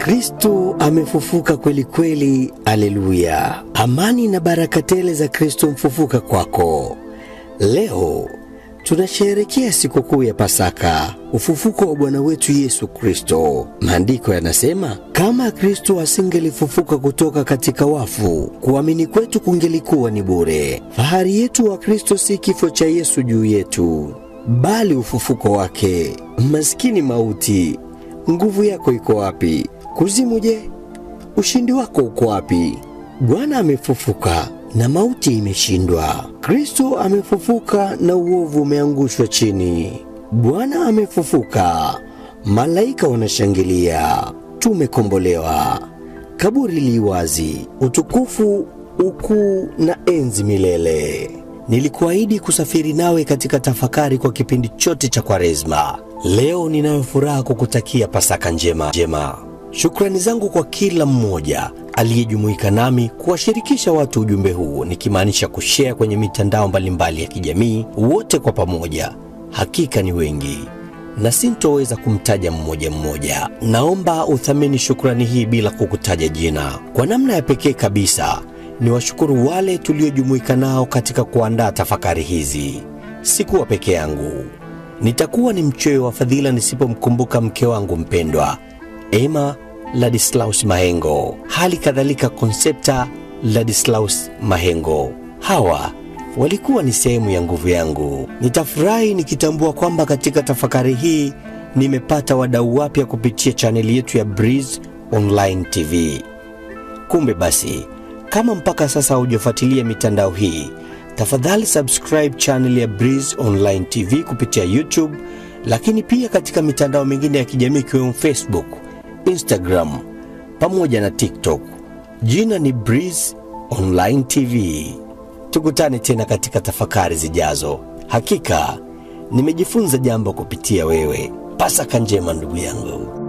Kristo amefufuka kweli kweli, aleluya! Amani na baraka tele za Kristo mfufuka kwako. Leo tunasherehekea sikukuu ya Pasaka, ufufuko wa Bwana wetu Yesu Kristo. Maandiko yanasema kama Kristo asingelifufuka kutoka katika wafu, kuamini kwetu kungelikuwa ni bure. Fahari yetu wa Kristo si kifo cha Yesu juu yetu, bali ufufuko wake. Maskini mauti, nguvu yako iko wapi? Kuzimu, je, ushindi wako uko wapi? Bwana amefufuka na mauti imeshindwa. Kristo amefufuka na uovu umeangushwa chini. Bwana amefufuka, malaika wanashangilia. Tumekombolewa, kaburi li wazi, utukufu, ukuu na enzi milele. Nilikuahidi kusafiri nawe katika tafakari kwa kipindi chote cha Kwaresma. Leo ninayo furaha kukutakia Pasaka njema njema. Shukrani zangu kwa kila mmoja aliyejumuika nami kuwashirikisha watu ujumbe huu, nikimaanisha kushea kwenye mitandao mbalimbali ya kijamii. Wote kwa pamoja hakika ni wengi na sintoweza kumtaja mmoja mmoja. Naomba uthamini shukrani hii bila kukutaja jina. Kwa namna ya pekee kabisa, ni washukuru wale tuliojumuika nao katika kuandaa tafakari hizi. Sikuwa peke yangu, nitakuwa ni mchoyo wa fadhila nisipomkumbuka mke wangu mpendwa Emma Ladislaus Mahengo, hali kadhalika konsepta Ladislaus Mahengo. Hawa walikuwa ni sehemu ya nguvu yangu. Nitafurahi nikitambua kwamba katika tafakari hii nimepata wadau wapya kupitia chaneli yetu ya Breeze Online TV. Kumbe basi, kama mpaka sasa hujafuatilia mitandao hii, tafadhali subscribe channel ya Breeze Online TV kupitia YouTube, lakini pia katika mitandao mingine ya kijamii ikiwemo Facebook Instagram pamoja na TikTok. Jina ni Breeze Online TV. Tukutane tena katika tafakari zijazo. Hakika nimejifunza jambo kupitia wewe. Pasaka njema ndugu yangu.